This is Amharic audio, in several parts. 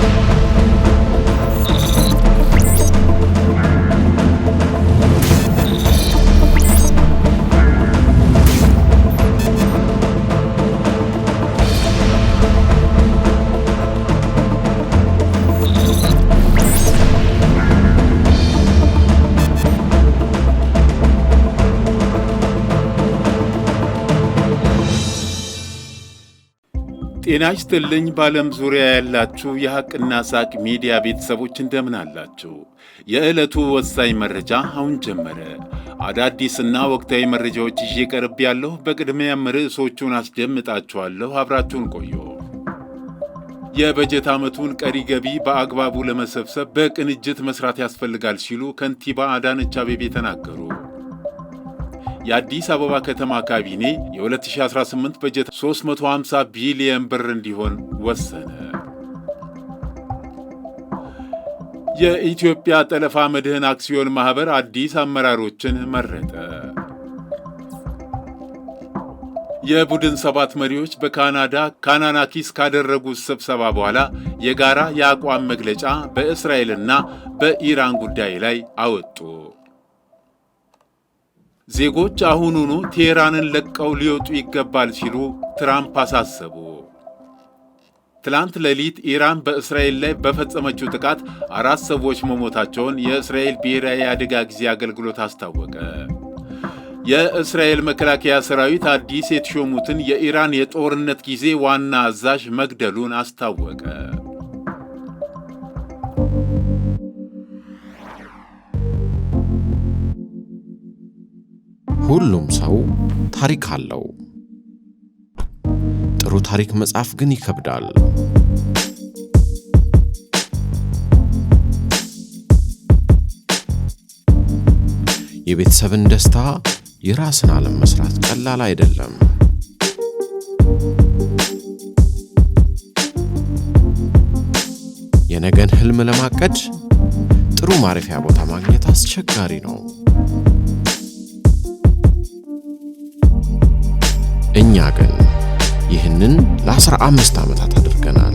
Thank you. ጤና ይስጥልኝ በዓለም ዙሪያ ያላችሁ የሐቅና ሳቅ ሚዲያ ቤተሰቦች እንደምን አላችሁ? የዕለቱ ወሳኝ መረጃ አሁን ጀመረ። አዳዲስና ወቅታዊ መረጃዎች ይዤ ቀርብ ያለሁ። በቅድሚያም ርዕሶቹን አስደምጣችኋለሁ። አብራችሁን ቆዩ። የበጀት ዓመቱን ቀሪ ገቢ በአግባቡ ለመሰብሰብ በቅንጅት መስራት ያስፈልጋል ሲሉ ከንቲባ አዳነች አቤቤ ተናገሩ። የአዲስ አበባ ከተማ ካቢኔ የ2018 በጀት 350 ቢሊየን ብር እንዲሆን ወሰነ። የኢትዮጵያ ጠለፋ መድህን አክሲዮን ማኅበር አዲስ አመራሮችን መረጠ። የቡድን ሰባት መሪዎች በካናዳ ካናናኪስ ካደረጉት ስብሰባ በኋላ የጋራ የአቋም መግለጫ በእስራኤልና በኢራን ጉዳይ ላይ አወጡ። ዜጎች አሁኑኑ ቴህራንን ለቀው ሊወጡ ይገባል ሲሉ ትራምፕ አሳሰቡ። ትላንት ሌሊት ኢራን በእስራኤል ላይ በፈጸመችው ጥቃት አራት ሰዎች መሞታቸውን የእስራኤል ብሔራዊ አደጋ ጊዜ አገልግሎት አስታወቀ። የእስራኤል መከላከያ ሰራዊት አዲስ የተሾሙትን የኢራን የጦርነት ጊዜ ዋና አዛዥ መግደሉን አስታወቀ። ሁሉም ሰው ታሪክ አለው። ጥሩ ታሪክ መጻፍ ግን ይከብዳል። የቤተሰብን ደስታ የራስን ዓለም መስራት ቀላል አይደለም። የነገን ህልም ለማቀድ ጥሩ ማረፊያ ቦታ ማግኘት አስቸጋሪ ነው። እኛ ግን ይህንን ለአስራ አምስት ዓመታት አድርገናል።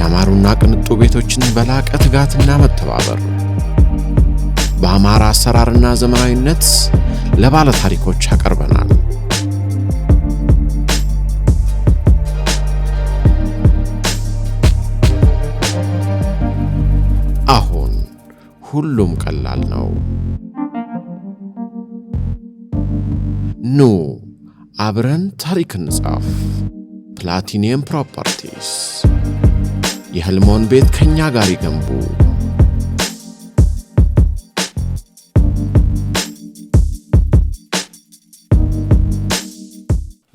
ያማሩና ቅንጡ ቤቶችን በላቀ ትጋትና መተባበር በአማራ አሰራርና ዘመናዊነት ለባለ ታሪኮች አቀርበናል። አሁን ሁሉም ቀላል ነው። ኑ አብረን ታሪክ እንጻፍ። ፕላቲኒየም ፕሮፐርቲስ የህልሞን ቤት ከእኛ ጋር ይገንቡ።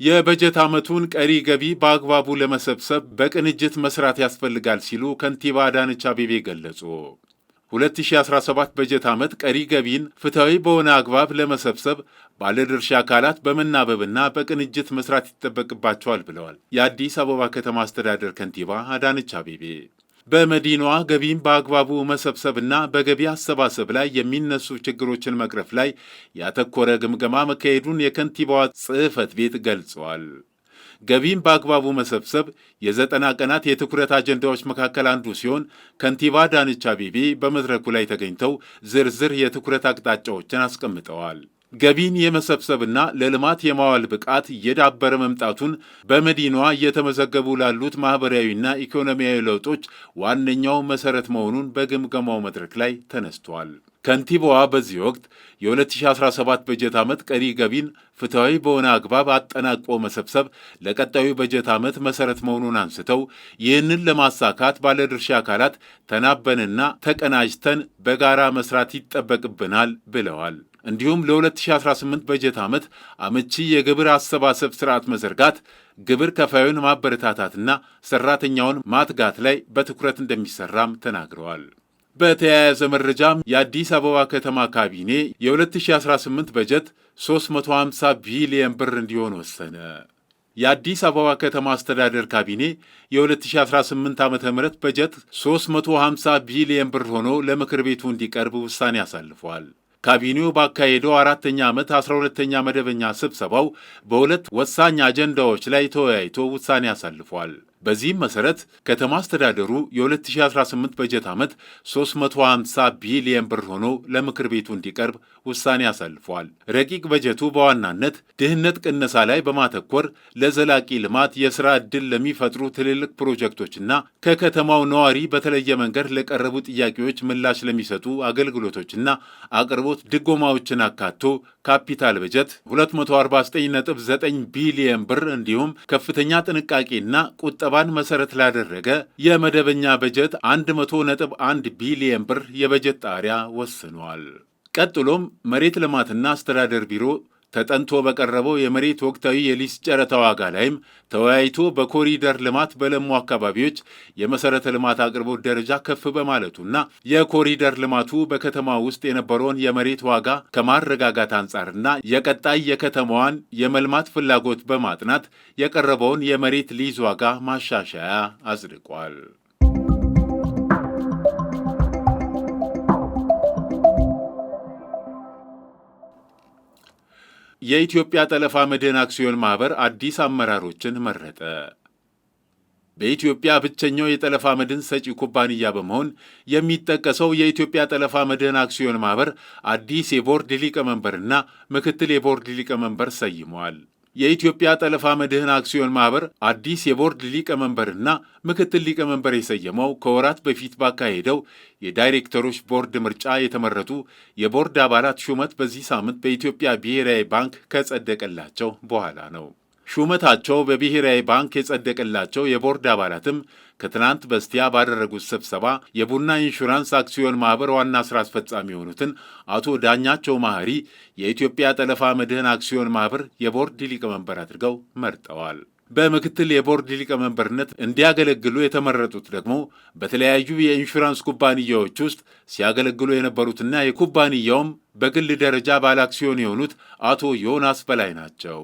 የበጀት ዓመቱን ቀሪ ገቢ በአግባቡ ለመሰብሰብ በቅንጅት መስራት ያስፈልጋል ሲሉ ከንቲባ አዳነች አቤቤ ገለጹ። 2017 በጀት ዓመት ቀሪ ገቢን ፍትሐዊ በሆነ አግባብ ለመሰብሰብ ባለድርሻ አካላት በመናበብና በቅንጅት መስራት ይጠበቅባቸዋል ብለዋል የአዲስ አበባ ከተማ አስተዳደር ከንቲባ አዳነች አቤቤ። በመዲናዋ ገቢን በአግባቡ መሰብሰብና በገቢ አሰባሰብ ላይ የሚነሱ ችግሮችን መቅረፍ ላይ ያተኮረ ግምገማ መካሄዱን የከንቲባዋ ጽሕፈት ቤት ገልጸዋል። ገቢን በአግባቡ መሰብሰብ የዘጠና ቀናት የትኩረት አጀንዳዎች መካከል አንዱ ሲሆን ከንቲባ ዳንቻ አቤቤ በመድረኩ ላይ ተገኝተው ዝርዝር የትኩረት አቅጣጫዎችን አስቀምጠዋል። ገቢን የመሰብሰብና ለልማት የማዋል ብቃት እየዳበረ መምጣቱን በመዲናዋ እየተመዘገቡ ላሉት ማኅበራዊና ኢኮኖሚያዊ ለውጦች ዋነኛው መሠረት መሆኑን በግምገማው መድረክ ላይ ተነስቷል። ከንቲባዋ በዚህ ወቅት የ2017 በጀት ዓመት ቀሪ ገቢን ፍትሐዊ በሆነ አግባብ አጠናቆ መሰብሰብ ለቀጣዩ በጀት ዓመት መሰረት መሆኑን አንስተው ይህንን ለማሳካት ባለድርሻ አካላት ተናበንና ተቀናጅተን በጋራ መስራት ይጠበቅብናል ብለዋል። እንዲሁም ለ2018 በጀት ዓመት አመቺ የግብር አሰባሰብ ስርዓት መዘርጋት፣ ግብር ከፋዩን ማበረታታትና ሰራተኛውን ማትጋት ላይ በትኩረት እንደሚሰራም ተናግረዋል። በተያያዘ መረጃም የአዲስ አበባ ከተማ ካቢኔ የ2018 በጀት 350 ቢሊየን ብር እንዲሆን ወሰነ። የአዲስ አበባ ከተማ አስተዳደር ካቢኔ የ2018 ዓ ም በጀት 350 ቢሊየን ብር ሆኖ ለምክር ቤቱ እንዲቀርብ ውሳኔ አሳልፏል። ካቢኔው ባካሄደው አራተኛ ዓመት 12ተኛ መደበኛ ስብሰባው በሁለት ወሳኝ አጀንዳዎች ላይ ተወያይቶ ውሳኔ አሳልፏል። በዚህም መሰረት ከተማ አስተዳደሩ የ2018 በጀት ዓመት 350 ቢሊየን ብር ሆኖ ለምክር ቤቱ እንዲቀርብ ውሳኔ አሳልፏል። ረቂቅ በጀቱ በዋናነት ድህነት ቅነሳ ላይ በማተኮር ለዘላቂ ልማት የሥራ ዕድል ለሚፈጥሩ ትልልቅ ፕሮጀክቶችና ከከተማው ነዋሪ በተለየ መንገድ ለቀረቡ ጥያቄዎች ምላሽ ለሚሰጡ አገልግሎቶችና አቅርቦት ድጎማዎችን አካቶ ካፒታል በጀት 249.9 ቢሊየን ብር እንዲሁም ከፍተኛ ጥንቃቄና ቁጠባ ስብሰባን መሰረት ላደረገ የመደበኛ በጀት 100.1 ቢሊየን ብር የበጀት ጣሪያ ወስኗል። ቀጥሎም መሬት ልማትና አስተዳደር ቢሮ ተጠንቶ በቀረበው የመሬት ወቅታዊ የሊዝ ጨረታ ዋጋ ላይም ተወያይቶ በኮሪደር ልማት በለሙ አካባቢዎች የመሠረተ ልማት አቅርቦት ደረጃ ከፍ በማለቱና የኮሪደር ልማቱ በከተማ ውስጥ የነበረውን የመሬት ዋጋ ከማረጋጋት አንጻርና የቀጣይ የከተማዋን የመልማት ፍላጎት በማጥናት የቀረበውን የመሬት ሊዝ ዋጋ ማሻሻያ አጽድቋል። የኢትዮጵያ ጠለፋ መድህን አክሲዮን ማኅበር አዲስ አመራሮችን መረጠ። በኢትዮጵያ ብቸኛው የጠለፋ መድን ሰጪ ኩባንያ በመሆን የሚጠቀሰው የኢትዮጵያ ጠለፋ መድን አክሲዮን ማኅበር አዲስ የቦርድ ሊቀመንበርና ምክትል የቦርድ ሊቀመንበር ሰይሟል። የኢትዮጵያ ጠለፋ መድህን አክሲዮን ማህበር አዲስ የቦርድ ሊቀመንበርና ምክትል ሊቀመንበር የሰየመው ከወራት በፊት ባካሄደው የዳይሬክተሮች ቦርድ ምርጫ የተመረጡ የቦርድ አባላት ሹመት በዚህ ሳምንት በኢትዮጵያ ብሔራዊ ባንክ ከጸደቀላቸው በኋላ ነው። ሹመታቸው በብሔራዊ ባንክ የጸደቀላቸው የቦርድ አባላትም ከትናንት በስቲያ ባደረጉት ስብሰባ የቡና ኢንሹራንስ አክሲዮን ማኅበር ዋና ሥራ አስፈጻሚ የሆኑትን አቶ ዳኛቸው ማህሪ የኢትዮጵያ ጠለፋ መድህን አክሲዮን ማኅበር የቦርድ ሊቀመንበር አድርገው መርጠዋል። በምክትል የቦርድ ሊቀመንበርነት እንዲያገለግሉ የተመረጡት ደግሞ በተለያዩ የኢንሹራንስ ኩባንያዎች ውስጥ ሲያገለግሉ የነበሩትና የኩባንያውም በግል ደረጃ ባለ አክሲዮን የሆኑት አቶ ዮናስ በላይ ናቸው።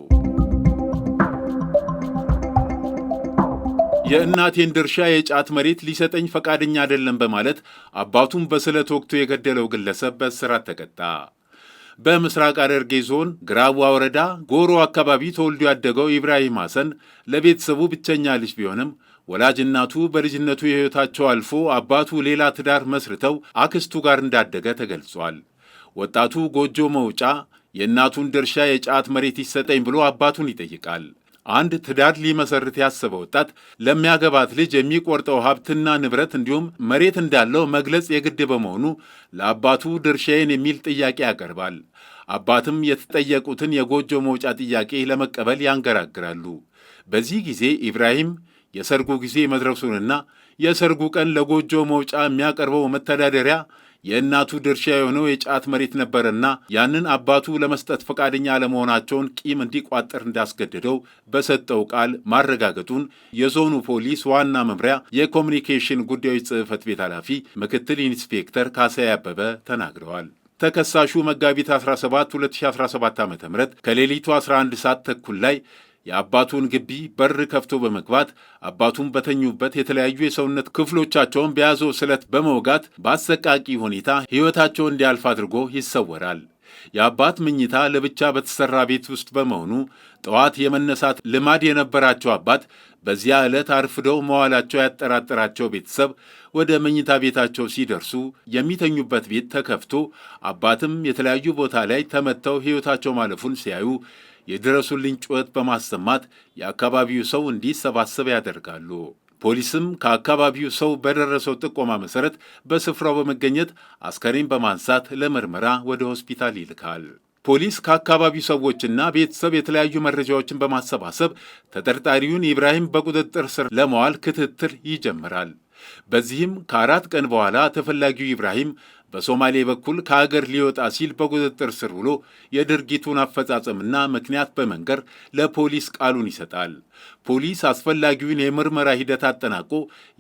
የእናቴን ድርሻ የጫት መሬት ሊሰጠኝ ፈቃደኛ አይደለም በማለት አባቱን በስለት ወቅቱ የገደለው ግለሰብ በእስራት ተቀጣ። በምስራቅ ሐረርጌ ዞን ግራዋ ወረዳ ጎሮ አካባቢ ተወልዶ ያደገው ኢብራሂም ሐሰን ለቤተሰቡ ብቸኛ ልጅ ቢሆንም ወላጅ እናቱ በልጅነቱ የሕይወታቸው አልፎ አባቱ ሌላ ትዳር መስርተው አክስቱ ጋር እንዳደገ ተገልጿል። ወጣቱ ጎጆ መውጫ የእናቱን ድርሻ የጫት መሬት ይሰጠኝ ብሎ አባቱን ይጠይቃል። አንድ ትዳር ሊመሰርት ያሰበ ወጣት ለሚያገባት ልጅ የሚቆርጠው ሀብትና ንብረት እንዲሁም መሬት እንዳለው መግለጽ የግድ በመሆኑ ለአባቱ ድርሻዬን የሚል ጥያቄ ያቀርባል። አባትም የተጠየቁትን የጎጆ መውጫ ጥያቄ ለመቀበል ያንገራግራሉ። በዚህ ጊዜ ኢብራሂም የሰርጉ ጊዜ መድረሱንና የሰርጉ ቀን ለጎጆ መውጫ የሚያቀርበው መተዳደሪያ የእናቱ ድርሻ የሆነው የጫት መሬት ነበረና ያንን አባቱ ለመስጠት ፈቃደኛ አለመሆናቸውን ቂም እንዲቋጠር እንዳስገደደው በሰጠው ቃል ማረጋገጡን የዞኑ ፖሊስ ዋና መምሪያ የኮሚኒኬሽን ጉዳዮች ጽሕፈት ቤት ኃላፊ ምክትል ኢንስፔክተር ካሳ አበበ ተናግረዋል። ተከሳሹ መጋቢት 17 2017 ዓ ም ከሌሊቱ 11 ሰዓት ተኩል ላይ የአባቱን ግቢ በር ከፍቶ በመግባት አባቱን በተኙበት የተለያዩ የሰውነት ክፍሎቻቸውን በያዘው ስለት በመውጋት በአሰቃቂ ሁኔታ ሕይወታቸው እንዲያልፍ አድርጎ ይሰወራል። የአባት ምኝታ ለብቻ በተሠራ ቤት ውስጥ በመሆኑ ጠዋት የመነሳት ልማድ የነበራቸው አባት በዚያ ዕለት አርፍደው መዋላቸው ያጠራጠራቸው ቤተሰብ ወደ መኝታ ቤታቸው ሲደርሱ የሚተኙበት ቤት ተከፍቶ አባትም የተለያዩ ቦታ ላይ ተመተው ሕይወታቸው ማለፉን ሲያዩ የድረሱልኝ ጩኸት በማሰማት የአካባቢው ሰው እንዲሰባሰብ ያደርጋሉ። ፖሊስም ከአካባቢው ሰው በደረሰው ጥቆማ መሠረት በስፍራው በመገኘት አስከሬን በማንሳት ለምርመራ ወደ ሆስፒታል ይልካል። ፖሊስ ከአካባቢው ሰዎችና ቤተሰብ የተለያዩ መረጃዎችን በማሰባሰብ ተጠርጣሪውን ኢብራሂም በቁጥጥር ስር ለመዋል ክትትል ይጀምራል። በዚህም ከአራት ቀን በኋላ ተፈላጊው ኢብራሂም በሶማሌ በኩል ከአገር ሊወጣ ሲል በቁጥጥር ስር ውሎ የድርጊቱን አፈጻጸምና ምክንያት በመንገር ለፖሊስ ቃሉን ይሰጣል። ፖሊስ አስፈላጊውን የምርመራ ሂደት አጠናቆ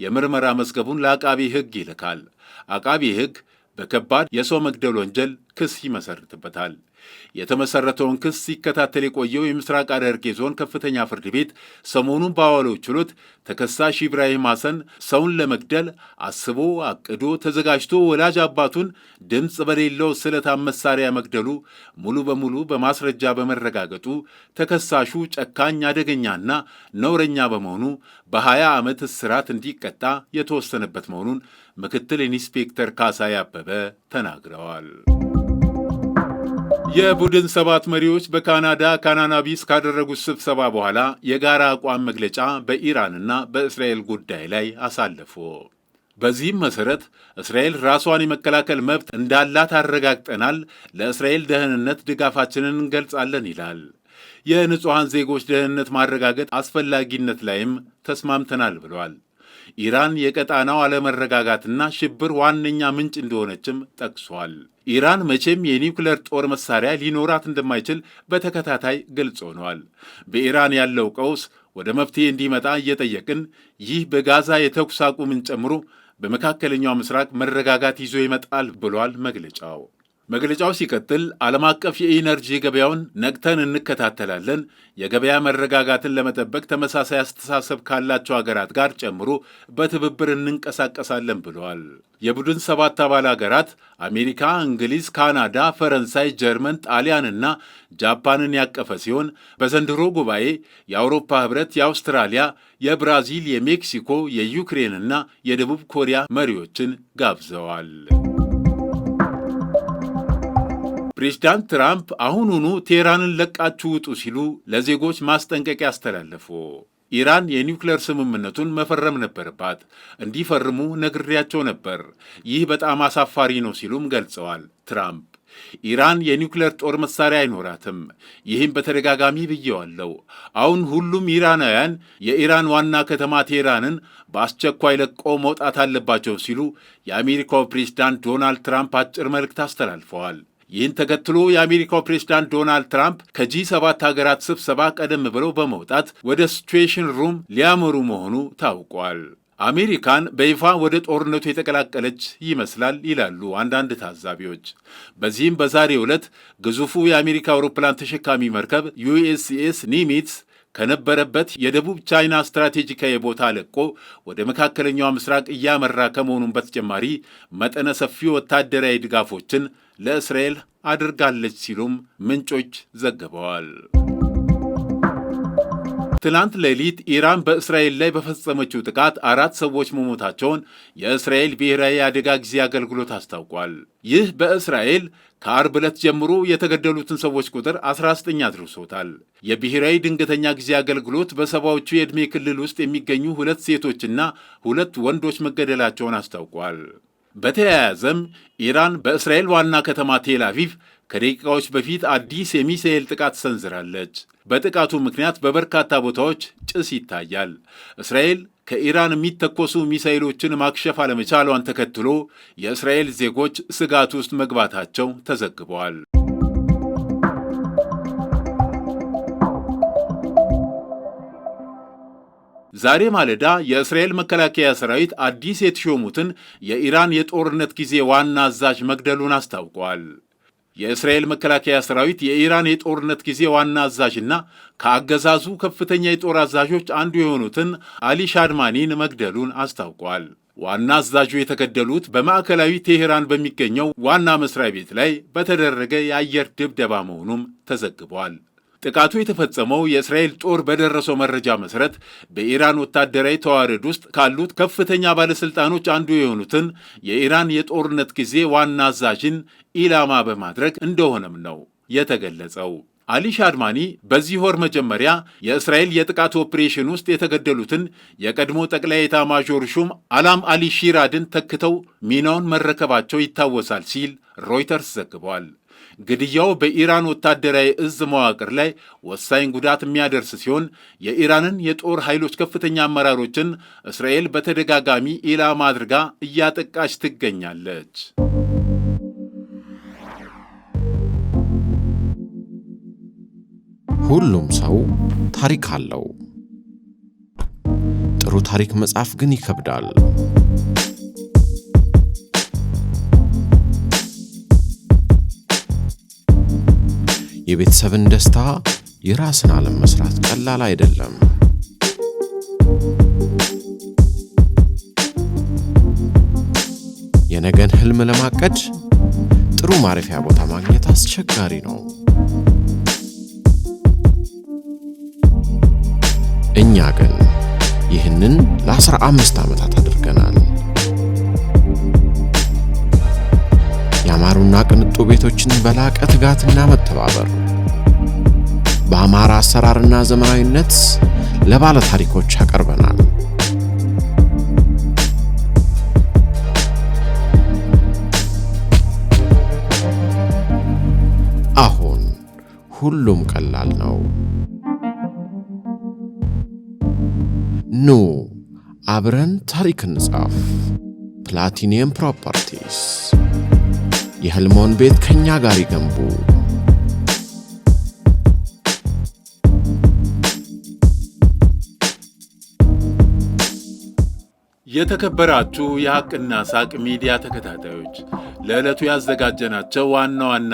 የምርመራ መዝገቡን ለአቃቤ ሕግ ይልካል። አቃቤ ሕግ በከባድ የሰው መግደል ወንጀል ክስ ይመሰርትበታል። የተመሰረተውን ክስ ሲከታተል የቆየው የምስራቅ ሐረርጌ ዞን ከፍተኛ ፍርድ ቤት ሰሞኑን በዋለው ችሎት ተከሳሽ ኢብራሂም ሐሰን ሰውን ለመግደል አስቦ አቅዶ ተዘጋጅቶ ወላጅ አባቱን ድምፅ በሌለው ስለታም መሳሪያ መግደሉ ሙሉ በሙሉ በማስረጃ በመረጋገጡ ተከሳሹ ጨካኝ፣ አደገኛና ነውረኛ በመሆኑ በ20 ዓመት እስራት እንዲቀጣ የተወሰነበት መሆኑን ምክትል ኢንስፔክተር ካሳይ አበበ ተናግረዋል። የቡድን ሰባት መሪዎች በካናዳ ካናናቢስ ካደረጉት ስብሰባ በኋላ የጋራ አቋም መግለጫ በኢራንና በእስራኤል ጉዳይ ላይ አሳለፉ። በዚህም መሠረት እስራኤል ራሷን የመከላከል መብት እንዳላት አረጋግጠናል፣ ለእስራኤል ደህንነት ድጋፋችንን እንገልጻለን ይላል። የንጹሐን ዜጎች ደህንነት ማረጋገጥ አስፈላጊነት ላይም ተስማምተናል ብሏል። ኢራን የቀጣናው አለመረጋጋትና ሽብር ዋነኛ ምንጭ እንደሆነችም ጠቅሷል። ኢራን መቼም የኒውክለር ጦር መሳሪያ ሊኖራት እንደማይችል በተከታታይ ግልጽ ሆኗል። በኢራን ያለው ቀውስ ወደ መፍትሄ እንዲመጣ እየጠየቅን ይህ በጋዛ የተኩስ አቁምን ጨምሮ በመካከለኛው ምስራቅ መረጋጋት ይዞ ይመጣል ብሏል መግለጫው። መግለጫው ሲቀጥል ዓለም አቀፍ የኢነርጂ ገበያውን ነቅተን እንከታተላለን። የገበያ መረጋጋትን ለመጠበቅ ተመሳሳይ አስተሳሰብ ካላቸው አገራት ጋር ጨምሮ በትብብር እንንቀሳቀሳለን ብለዋል። የቡድን ሰባት አባል አገራት አሜሪካ፣ እንግሊዝ፣ ካናዳ፣ ፈረንሳይ፣ ጀርመን፣ ጣሊያንና ጃፓንን ያቀፈ ሲሆን በዘንድሮ ጉባኤ የአውሮፓ ህብረት፣ የአውስትራሊያ፣ የብራዚል፣ የሜክሲኮ፣ የዩክሬንና የደቡብ ኮሪያ መሪዎችን ጋብዘዋል። ፕሬዚዳንት ትራምፕ አሁኑኑ ቴህራንን ለቃችሁ ውጡ ሲሉ ለዜጎች ማስጠንቀቂያ አስተላለፉ። ኢራን የኒውክሌር ስምምነቱን መፈረም ነበረባት። እንዲፈርሙ ነግሬያቸው ነበር። ይህ በጣም አሳፋሪ ነው ሲሉም ገልጸዋል ትራምፕ ኢራን የኒውክሌር ጦር መሳሪያ አይኖራትም። ይህም በተደጋጋሚ ብየዋለው። አሁን ሁሉም ኢራናውያን የኢራን ዋና ከተማ ቴህራንን በአስቸኳይ ለቆ መውጣት አለባቸው ሲሉ የአሜሪካው ፕሬዝዳንት ዶናልድ ትራምፕ አጭር መልእክት አስተላልፈዋል። ይህን ተከትሎ የአሜሪካው ፕሬዝዳንት ዶናልድ ትራምፕ ከጂ ሰባት ሀገራት ስብሰባ ቀደም ብለው በመውጣት ወደ ሲቹዌሽን ሩም ሊያመሩ መሆኑ ታውቋል። አሜሪካን በይፋ ወደ ጦርነቱ የተቀላቀለች ይመስላል ይላሉ አንዳንድ ታዛቢዎች። በዚህም በዛሬ ዕለት ግዙፉ የአሜሪካ አውሮፕላን ተሸካሚ መርከብ ዩኤስኤስ ኒሚትስ ከነበረበት የደቡብ ቻይና ስትራቴጂካዊ ቦታ ለቆ ወደ መካከለኛው ምስራቅ እያመራ ከመሆኑም በተጨማሪ መጠነ ሰፊ ወታደራዊ ድጋፎችን ለእስራኤል አድርጋለች ሲሉም ምንጮች ዘግበዋል። ትላንት ሌሊት ኢራን በእስራኤል ላይ በፈጸመችው ጥቃት አራት ሰዎች መሞታቸውን የእስራኤል ብሔራዊ አደጋ ጊዜ አገልግሎት አስታውቋል። ይህ በእስራኤል ከአርብ ዕለት ጀምሮ የተገደሉትን ሰዎች ቁጥር 19 አድርሶታል። የብሔራዊ ድንገተኛ ጊዜ አገልግሎት በሰባዎቹ የዕድሜ ክልል ውስጥ የሚገኙ ሁለት ሴቶችና ሁለት ወንዶች መገደላቸውን አስታውቋል። በተያያዘም ኢራን በእስራኤል ዋና ከተማ ቴል ከደቂቃዎች በፊት አዲስ የሚሳኤል ጥቃት ሰንዝራለች። በጥቃቱ ምክንያት በበርካታ ቦታዎች ጭስ ይታያል። እስራኤል ከኢራን የሚተኮሱ ሚሳይሎችን ማክሸፍ አለመቻሏን ተከትሎ የእስራኤል ዜጎች ስጋት ውስጥ መግባታቸው ተዘግበዋል። ዛሬ ማለዳ የእስራኤል መከላከያ ሰራዊት አዲስ የተሾሙትን የኢራን የጦርነት ጊዜ ዋና አዛዥ መግደሉን አስታውቋል። የእስራኤል መከላከያ ሰራዊት የኢራን የጦርነት ጊዜ ዋና አዛዥና ከአገዛዙ ከፍተኛ የጦር አዛዦች አንዱ የሆኑትን አሊ ሻድማኒን መግደሉን አስታውቋል። ዋና አዛዡ የተገደሉት በማዕከላዊ ቴሄራን በሚገኘው ዋና መስሪያ ቤት ላይ በተደረገ የአየር ድብደባ መሆኑም ተዘግቧል። ጥቃቱ የተፈጸመው የእስራኤል ጦር በደረሰው መረጃ መሰረት በኢራን ወታደራዊ ተዋረድ ውስጥ ካሉት ከፍተኛ ባለሥልጣኖች አንዱ የሆኑትን የኢራን የጦርነት ጊዜ ዋና አዛዥን ኢላማ በማድረግ እንደሆነም ነው የተገለጸው። አሊ ሻድማኒ በዚህ ወር መጀመሪያ የእስራኤል የጥቃት ኦፕሬሽን ውስጥ የተገደሉትን የቀድሞ ጠቅላይ ማዦር ሹም አላም አሊ ሺራድን ተክተው ሚናውን መረከባቸው ይታወሳል ሲል ሮይተርስ ዘግቧል። ግድያው በኢራን ወታደራዊ እዝ መዋቅር ላይ ወሳኝ ጉዳት የሚያደርስ ሲሆን የኢራንን የጦር ኃይሎች ከፍተኛ አመራሮችን እስራኤል በተደጋጋሚ ኢላማ አድርጋ እያጠቃች ትገኛለች። ሁሉም ሰው ታሪክ አለው። ጥሩ ታሪክ መጻፍ ግን ይከብዳል። የቤተሰብን ደስታ የራስን ዓለም መስራት ቀላል አይደለም። የነገን ህልም ለማቀድ ጥሩ ማረፊያ ቦታ ማግኘት አስቸጋሪ ነው። እኛ ግን ይህንን ለአስራ አምስት ዓመታት አድርገናል። ያማሩና ቅንጡ ቤቶችን በላቀ ትጋትና መተባበር በአማራ አሰራርና ዘመናዊነት ለባለ ታሪኮች ያቀርበናል። አሁን ሁሉም ቀላል ነው። ኑ አብረን ታሪክ እንጻፍ። ፕላቲኒየም ፕሮፐርቲስ የህልሞን ቤት ከእኛ ጋር ይገንቡ። የተከበራችሁ የሐቅና ሳቅ ሚዲያ ተከታታዮች ለዕለቱ ያዘጋጀናቸው ዋና ዋና